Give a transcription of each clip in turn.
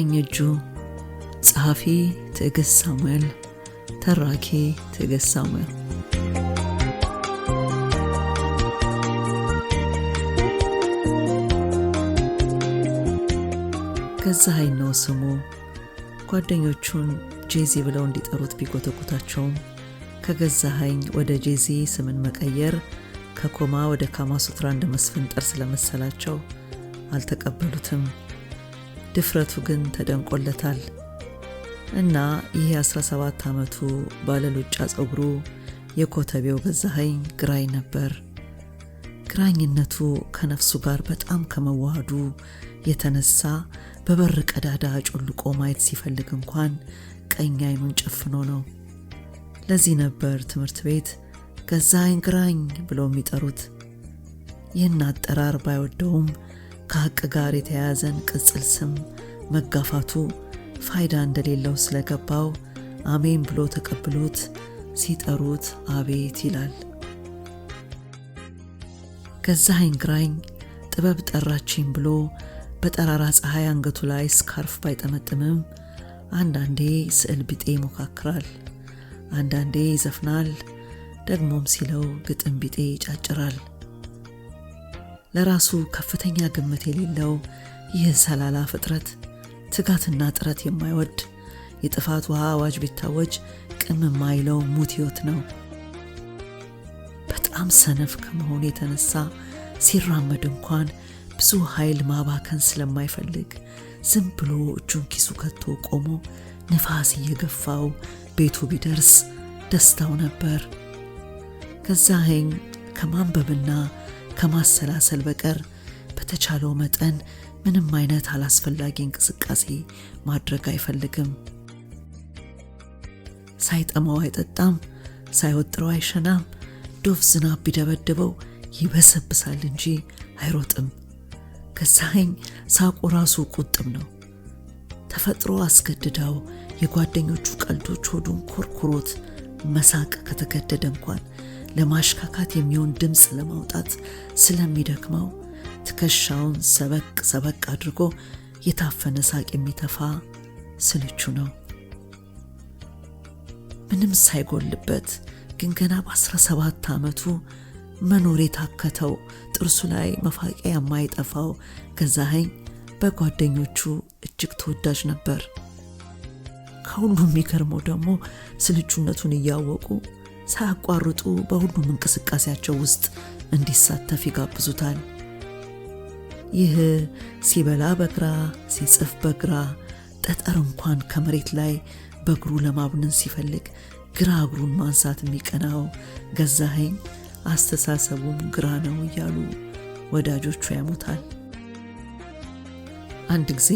ቀኝ እጁ ጸሐፊ ትዕግሥት ሳሙኤል ተራኪ ትዕግሥት ሳሙኤል ገዛኸኝ ነው ስሙ ጓደኞቹን ጄዚ ብለው እንዲጠሩት ቢጎተጉታቸውም ከገዛሀኝ ወደ ጄዚ ስምን መቀየር ከኮማ ወደ ካማሱትራ እንደ መስፈንጠር ስለመሰላቸው አልተቀበሉትም ድፍረቱ ግን ተደንቆለታል እና ይህ 17 ዓመቱ ባለሉጫ ፀጉሩ የኮተቤው ገዛኸኝ ግራኝ ነበር። ግራኝነቱ ከነፍሱ ጋር በጣም ከመዋሃዱ የተነሳ በበር ቀዳዳ ጮልቆ ማየት ሲፈልግ እንኳን ቀኝ አይኑን ጨፍኖ ነው። ለዚህ ነበር ትምህርት ቤት ገዛኸኝ ግራኝ ብለው የሚጠሩት። ይህን አጠራር ባይወደውም ከሐቅ ጋር የተያያዘን ቅጽል ስም መጋፋቱ ፋይዳ እንደሌለው ስለገባው አሜን ብሎ ተቀብሎት ሲጠሩት አቤት ይላል። ገዛኸኝ ግራኝ ጥበብ ጠራችኝ ብሎ በጠራራ ፀሐይ አንገቱ ላይ ስካርፍ ባይጠመጥምም አንዳንዴ ስዕል ቢጤ ይሞካክራል፣ አንዳንዴ ይዘፍናል፣ ደግሞም ሲለው ግጥም ቢጤ ይጫጭራል። ለራሱ ከፍተኛ ግምት የሌለው ይህ ሰላላ ፍጥረት ትጋትና ጥረት የማይወድ የጥፋት ውሃ አዋጅ ቢታወጅ ቅም የማይለው ሙት ሕይወት ነው። በጣም ሰነፍ ከመሆኑ የተነሳ ሲራመድ እንኳን ብዙ ኃይል ማባከን ስለማይፈልግ ዝም ብሎ እጁን ኪሱ ከቶ ቆሞ ነፋስ እየገፋው ቤቱ ቢደርስ ደስታው ነበር። ከዛ ከማንበብና ከማሰላሰል በቀር በተቻለው መጠን ምንም አይነት አላስፈላጊ እንቅስቃሴ ማድረግ አይፈልግም። ሳይጠማው አይጠጣም፣ ሳይወጥረው አይሸናም። ዶፍ ዝናብ ቢደበድበው ይበሰብሳል እንጂ አይሮጥም። ከሳኸኝ ሳቁ ራሱ ቁጥም ነው። ተፈጥሮ አስገድዳው የጓደኞቹ ቀልዶች ሆዱን ኮርኩሮት መሳቅ ከተገደደ እንኳን ለማሽካካት የሚሆን ድምፅ ለማውጣት ስለሚደክመው ትከሻውን ሰበቅ ሰበቅ አድርጎ የታፈነ ሳቅ የሚተፋ ስልቹ ነው። ምንም ሳይጎልበት ግን ገና በ17 ዓመቱ መኖር የታከተው ጥርሱ ላይ መፋቂያ የማይጠፋው ገዛኸኝ በጓደኞቹ እጅግ ተወዳጅ ነበር። ከሁሉ የሚገርመው ደግሞ ስልቹነቱን እያወቁ ሳያቋርጡ በሁሉም እንቅስቃሴያቸው ውስጥ እንዲሳተፍ ይጋብዙታል። ይህ ሲበላ በግራ ሲጽፍ በግራ ጠጠር እንኳን ከመሬት ላይ በእግሩ ለማብነን ሲፈልግ ግራ እግሩን ማንሳት የሚቀናው ገዛኸኝ አስተሳሰቡም ግራ ነው እያሉ ወዳጆቹ ያሙታል። አንድ ጊዜ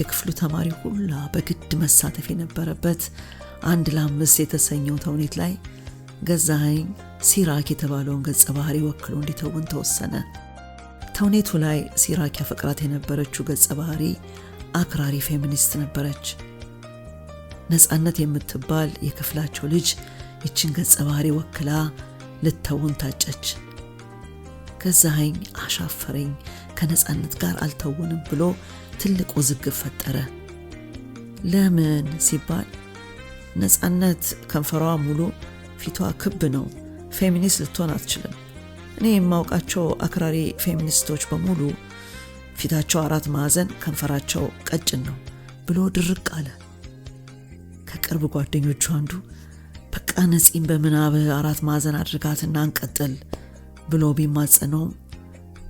የክፍሉ ተማሪ ሁላ በግድ መሳተፍ የነበረበት አንድ ለአምስት የተሰኘው ተውኔት ላይ ገዛኸኝ ሲራክ የተባለውን ገጸ ባህሪ ወክሎ እንዲተውን ተወሰነ። ተውኔቱ ላይ ሲራክ ያፈቅራት የነበረችው ገጸ ባህሪ አክራሪ ፌሚኒስት ነበረች። ነፃነት የምትባል የክፍላቸው ልጅ ይችን ገጸ ባህሪ ወክላ ልተውን ታጨች። ገዛኸኝ አሻፈረኝ፣ ከነፃነት ጋር አልተውንም ብሎ ትልቅ ውዝግብ ፈጠረ። ለምን ሲባል ነፃነት ከንፈሯ ሙሉ ፊቷ ክብ ነው። ፌሚኒስት ልትሆን አትችልም። እኔ የማውቃቸው አክራሪ ፌሚኒስቶች በሙሉ ፊታቸው አራት ማዕዘን፣ ከንፈራቸው ቀጭን ነው ብሎ ድርቅ አለ። ከቅርብ ጓደኞቹ አንዱ በቃ ነፂን በምናብ አራት ማዕዘን አድርጋትና እንቀጥል ብሎ ቢማጸነውም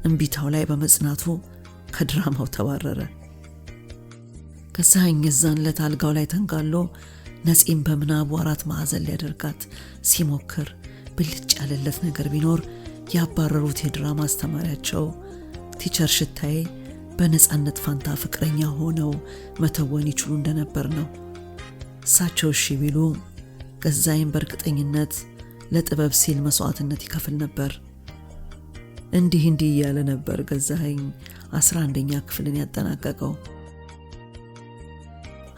እምቢታው ላይ በመጽናቱ ከድራማው ተባረረ። ከሳኝ የዛን ዕለት አልጋው ላይ ተንጋሎ ነፂም በምናቡ አራት ማዕዘን ሊያደርጋት ሲሞክር ብልጭ ያለለት ነገር ቢኖር ያባረሩት የድራማ አስተማሪያቸው ቲቸር ሽታዬ በነፃነት ፋንታ ፍቅረኛ ሆነው መተወን ይችሉ እንደነበር ነው። እሳቸው እሺ ቢሉ ገዛይን በእርግጠኝነት ለጥበብ ሲል መስዋዕትነት ይከፍል ነበር። እንዲህ እንዲህ እያለ ነበር ገዛኸኝ አስራ አንደኛ ክፍልን ያጠናቀቀው።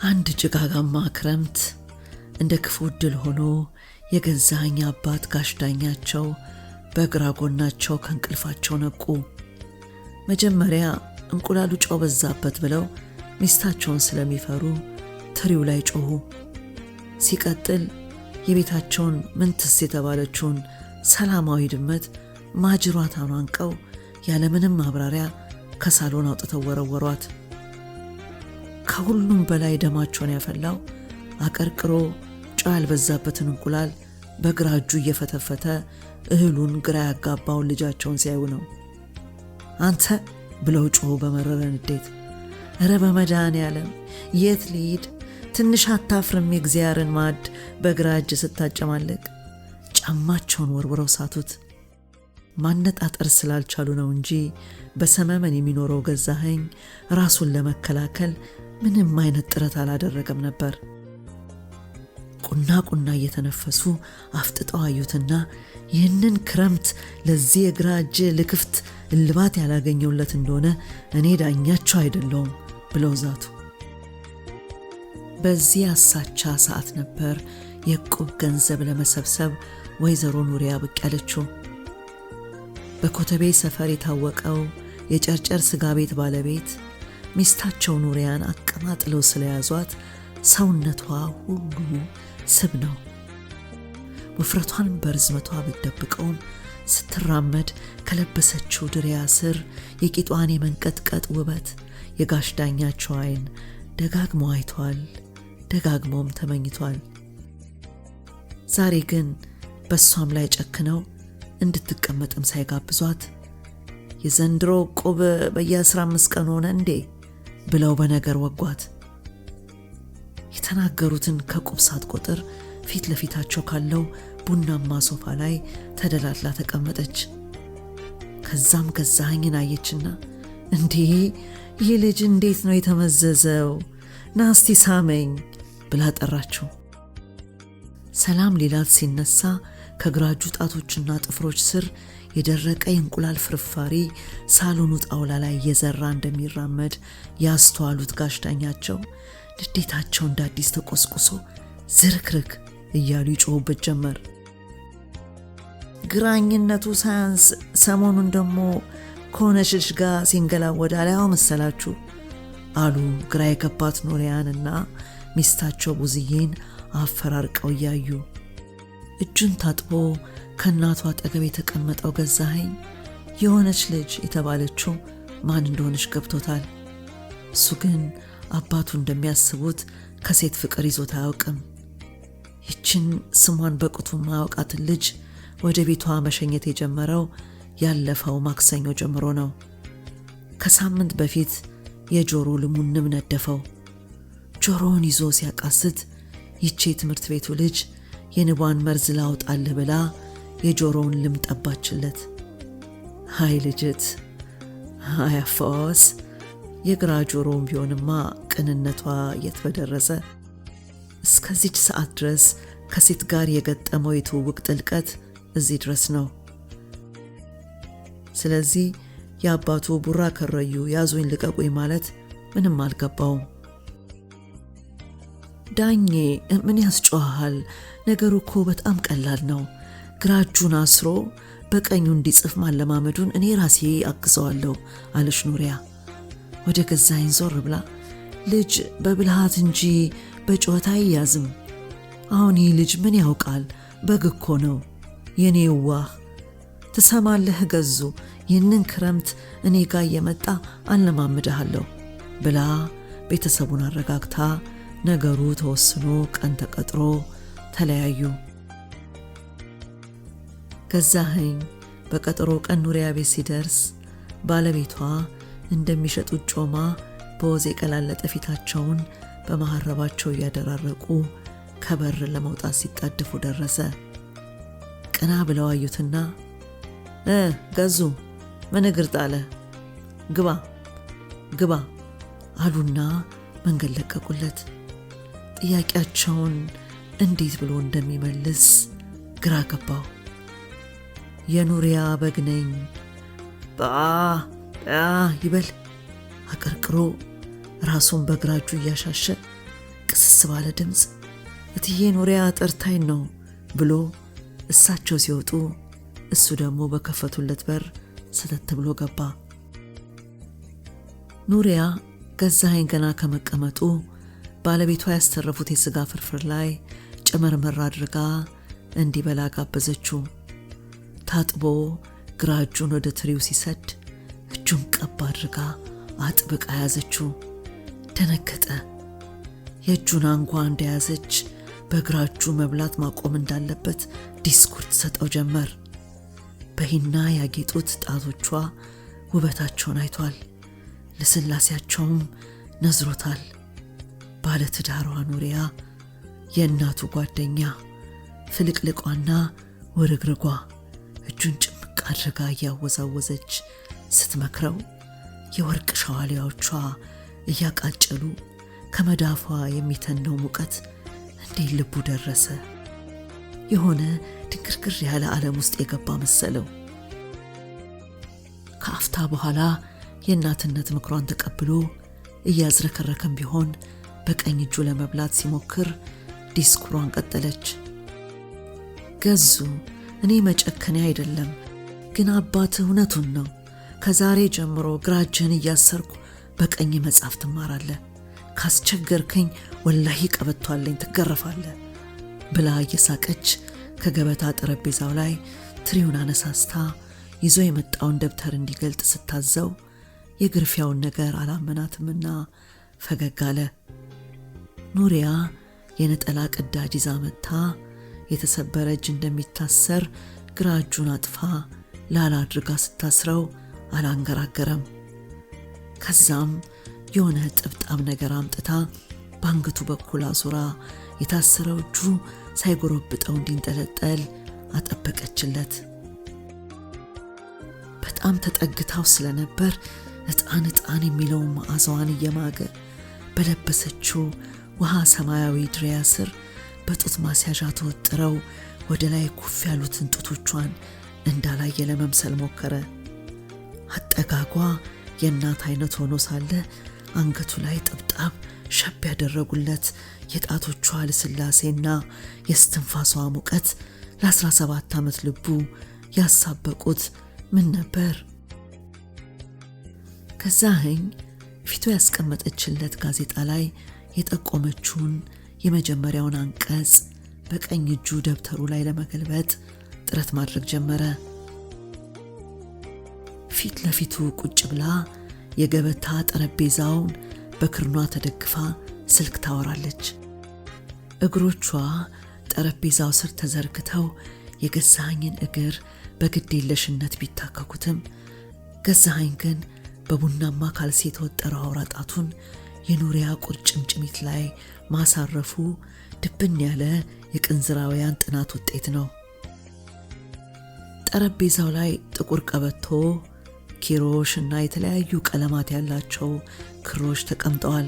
አንድ ጭጋጋማ ክረምት እንደ ክፉ ዕድል ሆኖ የገዛኝ አባት ጋሽዳኛቸው በግራ ጎናቸው ከእንቅልፋቸው ነቁ። መጀመሪያ እንቁላሉ ጨው በዛበት ብለው ሚስታቸውን ስለሚፈሩ ትሪው ላይ ጮኹ። ሲቀጥል የቤታቸውን ምንትስ የተባለችውን ሰላማዊ ድመት ማጅሯታን አንቀው ያለምንም ማብራሪያ ከሳሎን አውጥተው ወረወሯት። ከሁሉም በላይ ደማቸውን ያፈላው አቀርቅሮ ጨው ያልበዛበትን እንቁላል በግራ እጁ እየፈተፈተ እህሉን ግራ ያጋባውን ልጃቸውን ሲያዩ ነው። አንተ ብለው ጮሁ በመረረ ንዴት። እረ በመዳን ያለም የት ልሂድ? ትንሽ አታፍርም? የእግዚአብሔርን ማዕድ በግራ እጅ ስታጨማለቅ። ጫማቸውን ወርውረው ሳቱት። ማነጣጠር ስላልቻሉ ነው እንጂ በሰመመን የሚኖረው ገዛኸኝ ራሱን ለመከላከል ምንም አይነት ጥረት አላደረገም ነበር። ቁና ቁና እየተነፈሱ አፍጥጠው አዩትና ይህንን ክረምት ለዚህ የግራ እጅ ልክፍት እልባት ያላገኘውለት እንደሆነ እኔ ዳኛቸው አይደለውም ብለው ዛቱ። በዚህ አሳቻ ሰዓት ነበር የዕቁብ ገንዘብ ለመሰብሰብ ወይዘሮ ኑሪያ ብቅ ያለችው። በኮተቤ ሰፈር የታወቀው የጨርጨር ስጋ ቤት ባለቤት ሚስታቸው ኑሪያን አቀማጥለው ስለያዟት ሰውነቷ ሁሉ ስብ ነው። ውፍረቷን በርዝመቷ ብትደብቀውም ስትራመድ ከለበሰችው ድሪያ ስር የቂጧን የመንቀጥቀጥ ውበት የጋሽ ዳኛቸው ዓይን ደጋግሞ አይቷል፣ ደጋግሞም ተመኝቷል። ዛሬ ግን በእሷም ላይ ጨክነው እንድትቀመጥም ሳይጋብዟት የዘንድሮ ቁብ በየ አስራ አምስት ቀን ሆነ እንዴ ብለው በነገር ወጓት። የተናገሩትን ከቁብ ቁጥር ፊት ለፊታቸው ካለው ቡናማ ሶፋ ላይ ተደላድላ ተቀመጠች። ከዛም ገዛኸኝን አየችና እንዴ ይህ ልጅ እንዴት ነው የተመዘዘው? ናስቲ ሳመኝ ብላ ጠራችው። ሰላም ሌላት ሲነሳ ከግራ እጁ ጣቶችና ጥፍሮች ስር የደረቀ የእንቁላል ፍርፋሪ ሳሎኑ ጣውላ ላይ እየዘራ እንደሚራመድ ያስተዋሉት ጋሽ ዳኛቸው ንዴታቸው እንደ አዲስ ተቆስቁሶ ዝርክርክ እያሉ ይጮሁበት ጀመር። ግራኝነቱ ሳያንስ ሰሞኑን ደግሞ ከሆነ ሽልሽ ጋር ሲንገላወዳ ላያው መሰላችሁ አሉ ግራ የገባት ኖሪያንና ሚስታቸው ቡዝዬን አፈራርቀው እያዩ እጁን ታጥቦ ከእናቱ አጠገብ የተቀመጠው ገዛኸኝ የሆነች ልጅ የተባለችው ማን እንደሆነች ገብቶታል። እሱ ግን አባቱ እንደሚያስቡት ከሴት ፍቅር ይዞት አያውቅም። ይችን ስሟን በቅጡ ማያውቃትን ልጅ ወደ ቤቷ መሸኘት የጀመረው ያለፈው ማክሰኞ ጀምሮ ነው። ከሳምንት በፊት የጆሮ ልሙንም ነደፈው። ጆሮውን ይዞ ሲያቃስት ይቼ የትምህርት ቤቱ ልጅ የንቧን መርዝ ላውጣልህ ብላ የጆሮውን ልም ጠባችለት። ልጅት፣ ሀይ አፈዋዋስ፣ የግራ ጆሮውን ቢሆንማ ቅንነቷ የት በደረሰ። እስከዚች ሰዓት ድረስ ከሴት ጋር የገጠመው የትውውቅ ጥልቀት እዚህ ድረስ ነው። ስለዚህ የአባቱ ቡራ ከረዩ ያዙኝ ልቀቁኝ ማለት ምንም አልገባውም። ዳኜ ምን ያስጮሃል? ነገሩ እኮ በጣም ቀላል ነው ግራጁን አስሮ በቀኙ እንዲጽፍ ማለማመዱን እኔ ራሴ አግዘዋለሁ አለች ኑሪያ ወደ ገዛይን ዞር ብላ ልጅ በብልሃት እንጂ በጨዋታ አይያዝም። አሁን ይህ ልጅ ምን ያውቃል? በግ እኮ ነው። የኔ ዋህ ትሰማለህ ገዙ፣ ይህንን ክረምት እኔ ጋ እየመጣ አለማምድሃለሁ ብላ ቤተሰቡን አረጋግታ ነገሩ ተወስኖ ቀን ተቀጥሮ ተለያዩ። ገዛኸኝ። በቀጠሮ ቀን ኑሪያ ቤት ሲደርስ ባለቤቷ እንደሚሸጡት ጮማ በወዝ የቀላለጠ ፊታቸውን በመሐረባቸው እያደራረቁ ከበር ለመውጣት ሲጣደፉ ደረሰ። ቀና ብለው አዩትና እ ገዙ ምን እግር ጣለ? ግባ ግባ አሉና መንገድ ለቀቁለት። ጥያቄያቸውን እንዴት ብሎ እንደሚመልስ ግራ ገባው። የኑሪያ በግ ነኝ። በአ በአ ይበል አቀርቅሮ ራሱን በግራ እጁ እያሻሸ ቅስስ ባለ ድምፅ እትዬ ኑሪያ ጠርታኝ ነው ብሎ እሳቸው ሲወጡ እሱ ደግሞ በከፈቱለት በር ሰተት ብሎ ገባ። ኑሪያ ገዛኸኝ ገና ከመቀመጡ ባለቤቷ ያስተረፉት የሥጋ ፍርፍር ላይ ጨመርመር አድርጋ እንዲበላ ጋበዘችው። ታጥቦ ግራ እጁን ወደ ትሪው ሲሰድ እጁን ቀብ አድርጋ አጥብቃ ያዘችው። ደነገጠ። የእጁን አንጓ እንደያዘች በግራ እጁ መብላት ማቆም እንዳለበት ዲስኩር ትሰጠው ጀመር። በሂና ያጌጡት ጣቶቿ ውበታቸውን አይቷል፣ ልስላሴያቸውም ነዝሮታል። ባለትዳሯ ኑሪያ የእናቱ ጓደኛ ፍልቅልቋና ውርግርጓ እጁን ጭምቅ አድርጋ እያወዛወዘች ስትመክረው የወርቅ ሸዋሊያዎቿ እያቃጨሉ ከመዳፏ የሚተነው ሙቀት እንዴት ልቡ ደረሰ። የሆነ ድንግርግር ያለ ዓለም ውስጥ የገባ መሰለው። ከአፍታ በኋላ የእናትነት ምክሯን ተቀብሎ እያዝረከረከም ቢሆን በቀኝ እጁ ለመብላት ሲሞክር ዲስኩሯን ቀጠለች። ገዙ እኔ መጨከኔ አይደለም፣ ግን አባት እውነቱን ነው። ከዛሬ ጀምሮ ግራ እያሰርኩ በቀኝ መጽሐፍ ትማራለህ፣ ካስቸገርከኝ ወላሂ ቀበቷለኝ ትገረፋለህ ብላ እየሳቀች ከገበታ ጠረጴዛው ላይ ትሪውን አነሳስታ ይዞ የመጣውን ደብተር እንዲገልጥ ስታዘው የግርፊያውን ነገር አላመናትምና ፈገግ አለ። ኑሪያ የነጠላ ቅዳጅ ይዛ መጥታ የተሰበረ እጅ እንደሚታሰር ግራ እጁን አጥፋ ላላ አድርጋ ስታስረው አላንገራገረም። ከዛም የሆነ ጥብጣብ ነገር አምጥታ በአንገቱ በኩል አዙራ የታሰረው እጁ ሳይጎረብጠው እንዲንጠለጠል አጠበቀችለት። በጣም ተጠግታው ስለነበር ዕጣን እጣን የሚለውን መዓዛዋን እየማገ በለበሰችው ውሃ ሰማያዊ ድሪያ ስር በጡት ማስያዣ ተወጥረው ወደ ላይ ኩፍ ያሉትን ጡቶቿን እንዳላየ ለመምሰል ሞከረ። አጠጋጓ የእናት አይነት ሆኖ ሳለ አንገቱ ላይ ጥብጣብ ሸብ ያደረጉለት የጣቶቿ ልስላሴና የስትንፋሷ ሙቀት ለ17 ዓመት ልቡ ያሳበቁት ምን ነበር? ከዛህኝ ፊቱ ያስቀመጠችለት ጋዜጣ ላይ የጠቆመችውን የመጀመሪያውን አንቀጽ በቀኝ እጁ ደብተሩ ላይ ለመገልበጥ ጥረት ማድረግ ጀመረ። ፊት ለፊቱ ቁጭ ብላ የገበታ ጠረጴዛውን በክርኗ ተደግፋ ስልክ ታወራለች። እግሮቿ ጠረጴዛው ስር ተዘርግተው የገዛሃኝን እግር በግድ የለሽነት ቢታከኩትም ገዛሃኝ ግን በቡናማ ካልሲ የተወጠረው አውራ ጣቱን የኑሪያ ቁርጭምጭሚት ላይ ማሳረፉ ድብን ያለ የቅንዝራውያን ጥናት ውጤት ነው። ጠረጴዛው ላይ ጥቁር ቀበቶ፣ ኪሮሽ እና የተለያዩ ቀለማት ያላቸው ክሮች ተቀምጠዋል።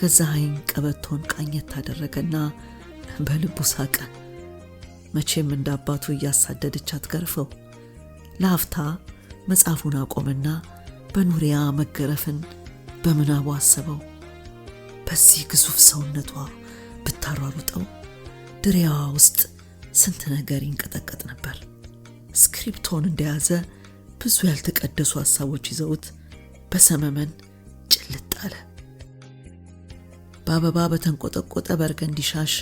ገዛኸኝ ቀበቶን ቃኘት ታደረገና በልቡ ሳቀ። መቼም እንደ አባቱ እያሳደደች አትገርፈው። ለአፍታ መጽሐፉን አቆምና በኑሪያ መገረፍን በምናቡ አሰበው። በዚህ ግዙፍ ሰውነቷ ብታሯሩጠው ድሪያዋ ውስጥ ስንት ነገር ይንቀጠቀጥ ነበር። ስክሪፕቶን እንደያዘ ብዙ ያልተቀደሱ ሐሳቦች ይዘውት በሰመመን ጭልጥ አለ። በአበባ በተንቆጠቆጠ በርገንዲ ሻሽ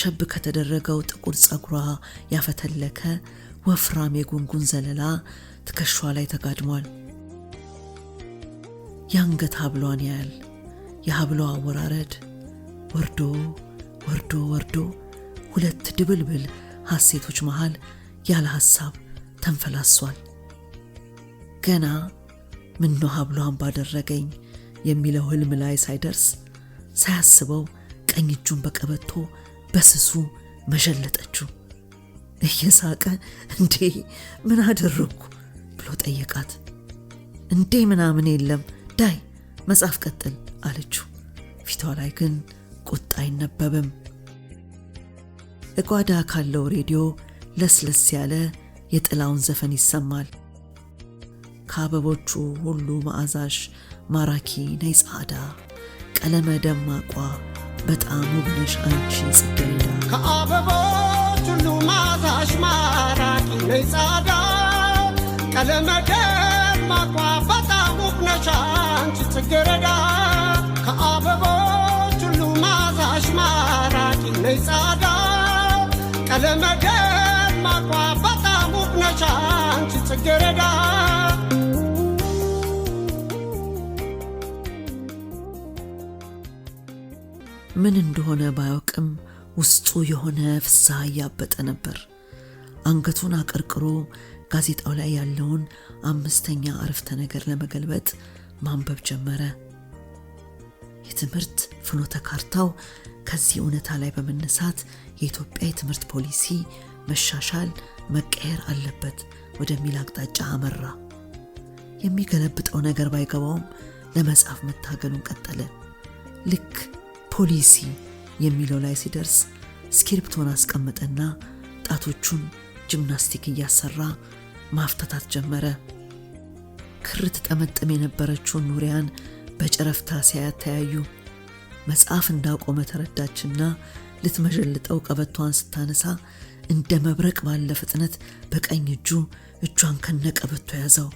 ሸብ ከተደረገው ጥቁር ጸጉሯ ያፈተለከ ወፍራም የጉንጉን ዘለላ ትከሿ ላይ ተጋድሟል። የአንገት ሀብሏን ያያል። የሀብሏ አወራረድ ወርዶ ወርዶ ወርዶ ሁለት ድብልብል ሐሴቶች መሃል ያለ ሐሳብ ተንፈላሷል። ገና ምኖ ሀብሏን ባደረገኝ የሚለው ህልም ላይ ሳይደርስ ሳያስበው ቀኝ እጁን በቀበቶ በስሱ መሸለጠችው እየሳቀ እንዴ ምን አደረግኩ ብሎ ጠየቃት። እንዴ ምናምን የለም ዳይ መጽሐፍ ቀጥል አለችው። ፊቷ ላይ ግን ቁጣ አይነበብም። እጓዳ ካለው ሬዲዮ ለስለስ ያለ የጥላውን ዘፈን ይሰማል። ከአበቦቹ ሁሉ መዓዛሽ ማራኪ ነይ ጻዳ፣ ቀለመ ደማቋ በጣም ውብነሽ አንቺ ጽጌረዳ። ከአበቦች ሁሉ መዓዛሽ ማራኪ ነይ ጻዳ፣ ቀለመ ደማቋ በጣም ውብነሻ አንቺ ጽጌረዳ ከአበቦች ሁሉ ማዛሽ ማራኪ ነይ ጻዳ ቀለመ ደማቋ በጣም ውብ ነሽ አንቺ ጽጌረዳ ምን እንደሆነ ባያውቅም ውስጡ የሆነ ፍስሐ እያበጠ ነበር። አንገቱን አቀርቅሮ ጋዜጣው ላይ ያለውን አምስተኛ አረፍተ ነገር ለመገልበጥ ማንበብ ጀመረ። የትምህርት ፍኖተ ካርታው ከዚህ እውነታ ላይ በመነሳት የኢትዮጵያ የትምህርት ፖሊሲ መሻሻል፣ መቀየር አለበት ወደሚል አቅጣጫ አመራ። የሚገለብጠው ነገር ባይገባውም ለመጻፍ መታገሉን ቀጠለ። ልክ ፖሊሲ የሚለው ላይ ሲደርስ ስክሪፕቶን አስቀምጠና ጣቶቹን ጂምናስቲክ እያሰራ ማፍታታት ጀመረ። ክር ትጠመጥም የነበረችውን ኑሪያን በጨረፍታ ሲያያት ተያዩ። መጽሐፍ እንዳቆመ ተረዳችና ልትመዠልጠው ቀበቷን ስታነሳ እንደ መብረቅ ባለ ፍጥነት በቀኝ እጁ እጇን ከነ ቀበቶ ያዘው።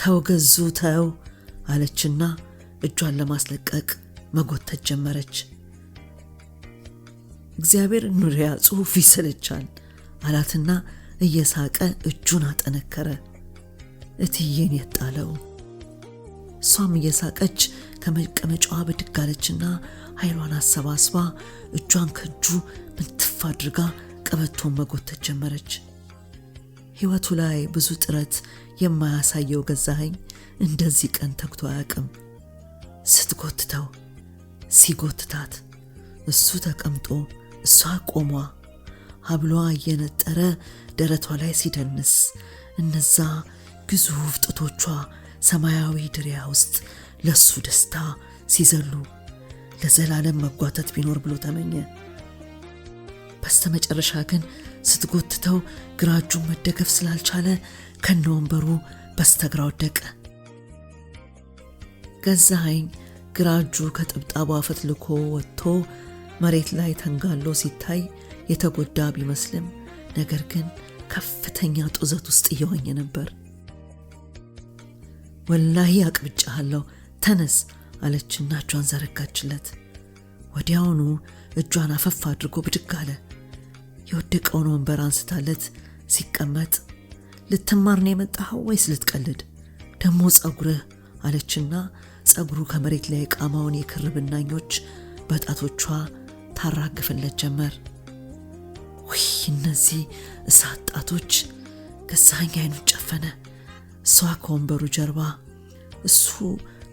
ተው ገዙ ተው አለችና እጇን ለማስለቀቅ መጎተት ጀመረች። እግዚአብሔር ኑሪያ ጽሑፍ ይሰለቻል አላትና እየሳቀ እጁን አጠነከረ። እትዬን የጣለው። እሷም እየሳቀች ከመቀመጫዋ ብድግ አለችና ኃይሏን አሰባስባ እጇን ከእጁ ምንትፍ አድርጋ ቀበቶን መጎተት ጀመረች። ሕይወቱ ላይ ብዙ ጥረት የማያሳየው ገዛኸኝ እንደዚህ ቀን ተግቶ አያውቅም። ስትጎትተው፣ ሲጎትታት እሱ ተቀምጦ እሷ ቆሟ ሀብሏ እየነጠረ ደረቷ ላይ ሲደንስ እነዛ ግዙፍ ጥቶቿ ሰማያዊ ድሪያ ውስጥ ለሱ ደስታ ሲዘሉ ለዘላለም መጓተት ቢኖር ብሎ ተመኘ። በስተ መጨረሻ ግን ስትጎትተው ግራ እጁን መደገፍ ስላልቻለ ከነ ወንበሩ በስተግራ ወደቀ። ገዛኸኝ ግራ እጁ ከጥብጣቧ ፈትልኮ ወጥቶ መሬት ላይ ተንጋሎ ሲታይ የተጎዳ ቢመስልም ነገር ግን ከፍተኛ ጡዘት ውስጥ እየዋኘ ነበር። ወላሂ አቅብጫሃለሁ ተነስ አለችና እጇን ዘረጋችለት። ወዲያውኑ እጇን አፈፍ አድርጎ ብድግ አለ። የወደቀውን ወንበር አንስታለት ሲቀመጥ ልትማር ነው የመጣኸው ወይስ ልትቀልድ? ደግሞ ጸጉርህ አለችና ጸጉሩ ከመሬት ላይ የቃማውን የክር ብናኞች በጣቶቿ ታራግፍለት ጀመር። ውይ እነዚህ እሳት ጣቶች! ገዛኸኝ አይኑን ጨፈነ። እሷ ከወንበሩ ጀርባ፣ እሱ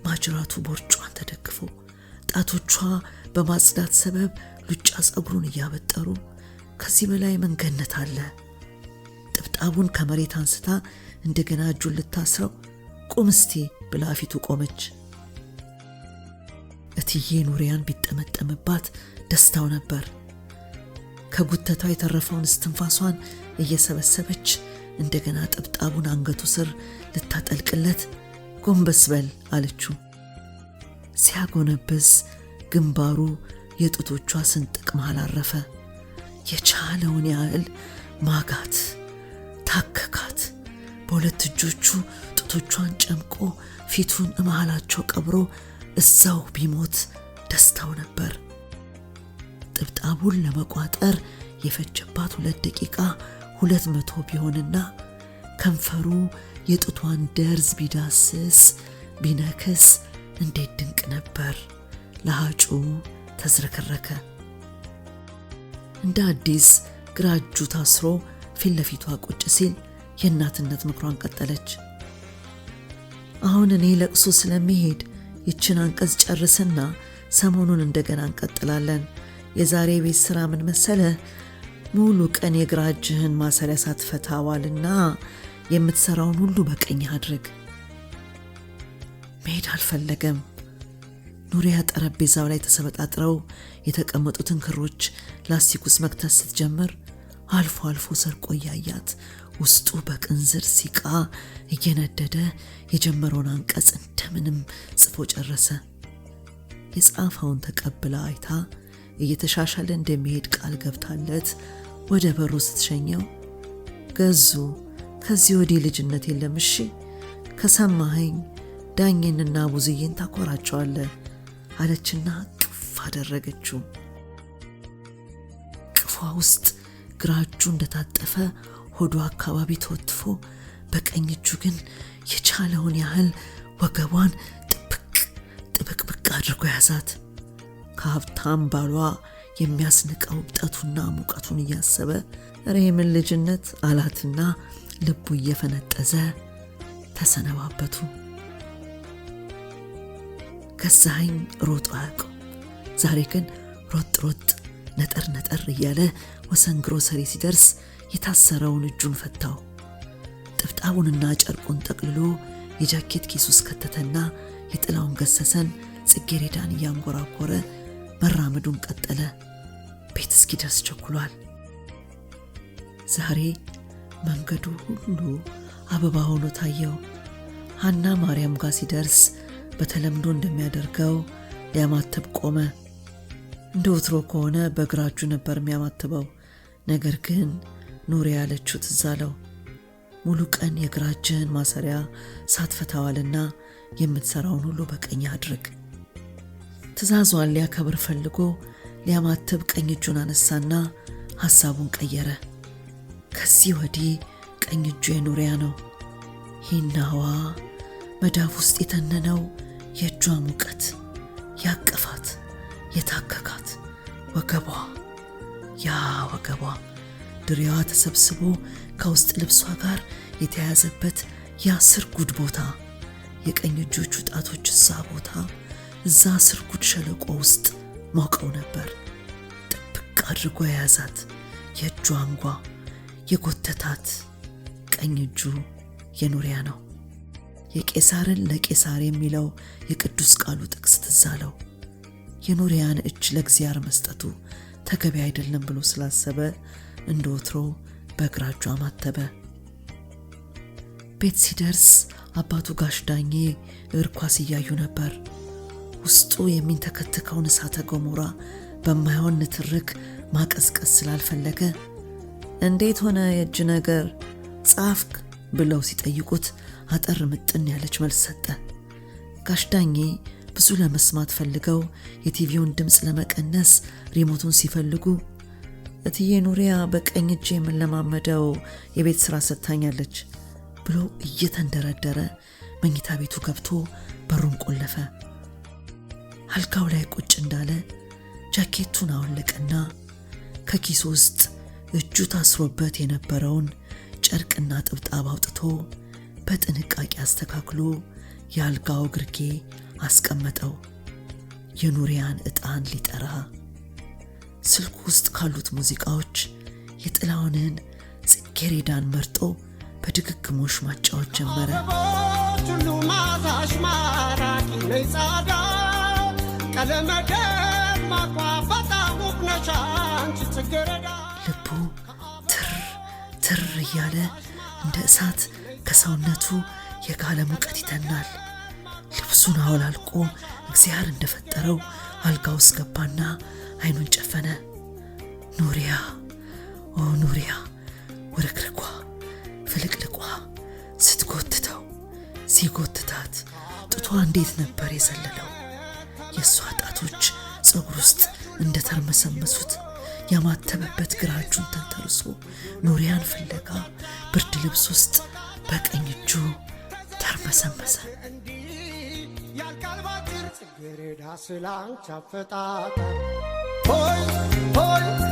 ማጅራቱ ቦርጯን ተደግፎ፣ ጣቶቿ በማጽዳት ሰበብ ሉጫ ጸጉሩን እያበጠሩ ከዚህ በላይ መንገነት አለ? ጥብጣቡን ከመሬት አንስታ እንደገና እጁን ልታስረው ቁም እስቲ ብላ ፊቱ ቆመች። እትዬ ኑሪያን ቢጠመጠምባት ደስታው ነበር። ከጉተቷ የተረፈውን እስትንፋሷን እየሰበሰበች እንደገና ጥብጣቡን አንገቱ ስር ልታጠልቅለት ጎንበስ በል አለችው። ሲያጎነበስ ግንባሩ የጡቶቿ ስንጥቅ መሃል አረፈ። የቻለውን ያህል ማጋት ታከካት። በሁለት እጆቹ ጡቶቿን ጨምቆ ፊቱን እመሃላቸው ቀብሮ እዛው ቢሞት ደስታው ነበር። ጥብጣቡን ለመቋጠር የፈጀባት ሁለት ደቂቃ ሁለት መቶ ቢሆንና ከንፈሩ የጡቷን ደርዝ ቢዳስስ ቢነክስ እንዴት ድንቅ ነበር! ለሐጩ ተዝረከረከ። እንደ አዲስ ግራ እጁ ታስሮ ፊት ለፊቷ ቁጭ ሲል የእናትነት ምክሯን ቀጠለች። አሁን እኔ ለቅሶ ስለሚሄድ ይችን አንቀጽ ጨርስና ሰሞኑን እንደገና እንቀጥላለን። የዛሬ ቤት ስራ ምን መሰለህ? ሙሉ ቀን የግራ እጅህን ማሰሪያ ሳትፈታዋልና የምትሰራውን ሁሉ በቀኝ አድርግ። መሄድ አልፈለገም። ኑሪያ ጠረጴዛው ላይ ተሰበጣጥረው የተቀመጡትን ክሮች ላስቲክ ውስጥ መክተት ስትጀምር አልፎ አልፎ ሰርቆ እያያት ውስጡ በቅንዝር ሲቃ እየነደደ የጀመረውን አንቀጽ እንደምንም ጽፎ ጨረሰ። የጻፈውን ተቀብላ አይታ እየተሻሻለ እንደሚሄድ ቃል ገብታለት ወደ በሩ ስትሸኘው ገዙ ከዚህ ወዲህ ልጅነት የለም እሺ ከሰማኸኝ ዳኘንና ቡዝዬን ታኮራቸዋለህ አለችና ቅፍ አደረገችው። ቅፏ ውስጥ ግራ እጁ እንደታጠፈ ሆዱ አካባቢ ተወትፎ በቀኝ እጁ ግን የቻለውን ያህል ወገቧን ጥብቅ ጥብቅብቅ አድርጎ ያዛት። ከሀብታም ባሏ የሚያስንቀው እብጠቱና ሙቀቱን እያሰበ እረ የምን ልጅነት አላትና ልቡ እየፈነጠዘ ተሰነባበቱ። ከዛኝ ሮጦ አያውቅም። ዛሬ ግን ሮጥ ሮጥ ነጠር ነጠር እያለ ወሰን ግሮሰሪ ሲደርስ የታሰረውን እጁን ፈታው። ጥፍጣቡንና ጨርቁን ጠቅልሎ የጃኬት ኪሱ ከተተና የጥላውን ገሰሰን ጽጌሬዳን እያንጎራጎረ መራመዱን ቀጠለ። ቤት እስኪደርስ ቸኩሏል። ዛሬ መንገዱ ሁሉ አበባ ሆኖ ታየው። ሐና ማርያም ጋር ሲደርስ በተለምዶ እንደሚያደርገው ሊያማትብ ቆመ። እንደ ወትሮ ከሆነ በግራ እጁ ነበር የሚያማትበው። ነገር ግን ኑሪ ያለችው ትዝ አለው። ሙሉ ቀን የግራ ማሰሪያ ሳትፈታዋልና የምትሠራውን ሁሉ በቀኝ አድርግ። ትእዛዟን ሊያከብር ፈልጎ ሊያማትብ ቀኝ እጁን አነሳና ሐሳቡን ቀየረ። ከዚህ ወዲህ ቀኝ እጁ የኑሪያ ነው። ሂናዋ መዳፍ ውስጥ የተነነው የእጇ ሙቀት ያቀፋት የታከካት ወገቧ፣ ያ ወገቧ ድሪያዋ ተሰብስቦ ከውስጥ ልብሷ ጋር የተያያዘበት ያ ጉድ ቦታ፣ የቀኝ እጆቹ ጣቶች እዛ ቦታ፣ እዛ አስር ጉድ ሸለቆ ውስጥ ሞቀው ነበር። ጥብቅ አድርጎ የያዛት የእጁ አንጓ የጎተታት ቀኝ እጁ የኑሪያ ነው። የቄሳርን ለቄሳር የሚለው የቅዱስ ቃሉ ጥቅስ ትዝ አለው። የኑሪያን እጅ ለእግዚአር መስጠቱ ተገቢ አይደለም ብሎ ስላሰበ እንደ ወትሮ በግራ እጇ ማተበ። ቤት ሲደርስ አባቱ ጋሽ ዳኜ እግር ኳስ እያዩ ነበር። ውስጡ የሚንተከተከውን እሳተ ገሞራ በማይሆን ንትርክ ማቀዝቀዝ ስላልፈለገ እንዴት ሆነ የእጅ ነገር ጻፍክ ብለው ሲጠይቁት አጠር ምጥን ያለች መልስ ሰጠ። ጋሽ ብዙ ለመስማት ፈልገው የቲቪውን ድምፅ ለመቀነስ ሪሞቱን ሲፈልጉ እትዬ ኑሪያ በቀኝ እጅ የምንለማመደው የቤት ሥራ ሰጥታኛለች ብሎ እየተንደረደረ መኝታ ቤቱ ገብቶ በሩን ቆለፈ። አልጋው ላይ ቁጭ እንዳለ ጃኬቱን አወለቀና ከኪሱ ውስጥ እጁ ታስሮበት የነበረውን ጨርቅና ጥብጣብ አውጥቶ በጥንቃቄ አስተካክሎ የአልጋው ግርጌ አስቀመጠው። የኑሪያን ዕጣን ሊጠራ ስልኩ ውስጥ ካሉት ሙዚቃዎች የጥላውንን ጽጌሬዳን መርጦ በድግግሞሽ ማጫወት ጀመረ። ልቡ ትር ትር እያለ እንደ እሳት ከሰውነቱ የጋለ ሙቀት ይተናል። ልብሱን አውላልቆ እግዚአብሔር እንደፈጠረው አልጋ ውስጥ ገባና አይኑን ጨፈነ። ኑሪያ ኦ ኑሪያ፣ ውርግርጓ ፍልቅልቋ ስትጎትተው ሲጎትታት ጥቷ እንዴት ነበር የዘለለው! የእሷ ጣቶች ፀጉር ውስጥ እንደተርመሰመሱት ያማተበበት ግራ እጁን ተንተርሶ ኑሪያን ፍለጋ ብርድ ልብስ ውስጥ በቀኝ እጁ ተርመሰመሰ። ሆይ ሆይ